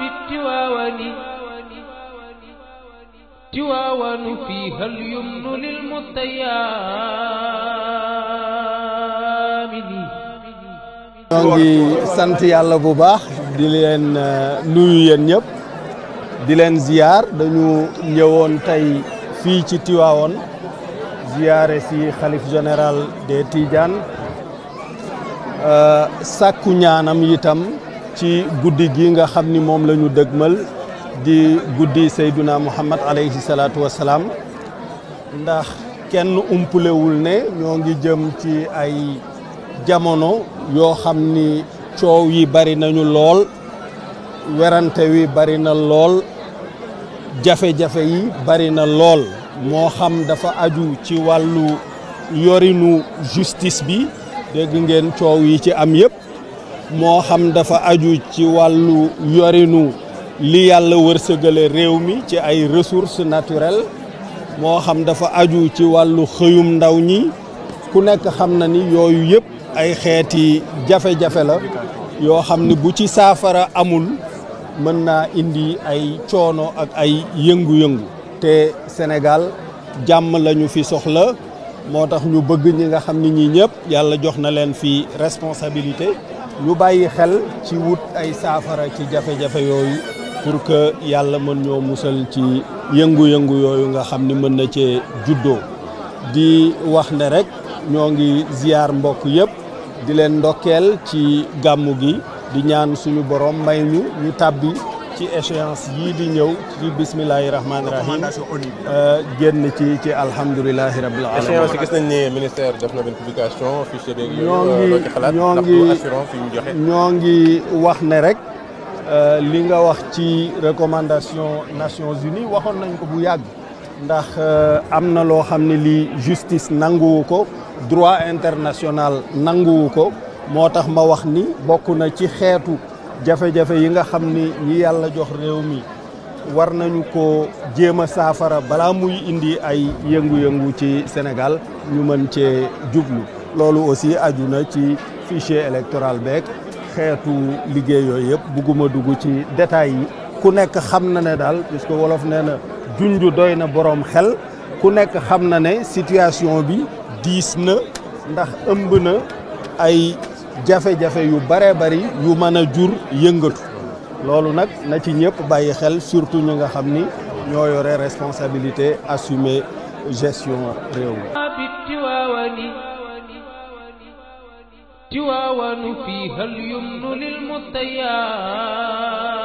بالتواون تواون فيها اليمن للمتيامن ñoo ngi sant yàlla bu baax di leen euh, nuyu yéen ñëpp di leen ziyaar dañu ñëwoon tey fii ci Tiwaawoon ziyaare si xalif général des Tidianes euh, sàkku ñaanam yitam ci guddi gi nga xam ni moom lañu ñu dëgmal di guddi Seyduna Muhammad alayhi salaatu wasalaam ndax kenn umpulewul ne ñoo ngi jëm ci ay jamono yoo xam ni coow yi bari nañu lool werante wi bari na lool jafe-jafe yi bari na lool moo xam dafa aju ci wàllu yorinu justice bi dégg ngeen coow yi ci am yépp moo xam dafa aju ci wàllu yorinu li yàlla wërsëgale réew mi ci ay ressources naturelles moo xam dafa aju ci wàllu xëyum ndaw ñi ku nekk xam na ni yooyu yëpp ay xeeti jafe-jafe la yoo xam ni bu ci saafara amul mën naa indi ay coono ak ay yëngu-yëngu te Sénégal jàmm lañu fi soxla moo tax ñu bëgg ñi nga xam ni ñii ñëpp yàlla jox na leen fi responsabilité ñu bàyyi xel ci wut ay saafara ci jafe-jafe yooyu pour que yàlla mën ñoo musal ci yëngu-yëngu yooyu nga xam ni mën na cee juddoo di wax ne rek ñoo ngi ziyaar mbokk yëpp di leen ndokkeel ci gàmmu gi di ñaan suñu borom may ñu ñu tàbbi ci échéance yii di ñëw ci bismillahi rahmaani rahim euh, génn ci ci alhamdulilahi rabbil alamin échéance nañ ne ministère def na benn publication fichier beeg yooyu ñoo euh, ngi ñoo ngi wax ne rek euh, li nga wax ci recommandation Nations Unies waxoon nañ ko bu yàgg ndax am na loo xam ne lii justice nanguwu ko droit international nanguwu ko moo tax ma wax ni bokk na ci xeetu jafe-jafe yi nga xam ni ñi yàlla jox réew mi war nañu ko jéem a saafara bala muy indi ay yëngu-yëngu ci Sénégal ñu mën cee jublu loolu aussi aju na ci fichier électoral beeg xeetu liggéey yooyu yëpp bugguma dugg ci détails yi ku nekk xam na ne daal puisque wolof nee na junj doy na boroom xel ku nekk xam na ne situation bi diis na ndax ëmb na ay jafe-jafe yu bare bari yu mën a jur yëngatu loolu nag na ci ñëpp bàyyi xel surtout ñu nga xam ni ñoo yore responsabilité assumer gestion réew mi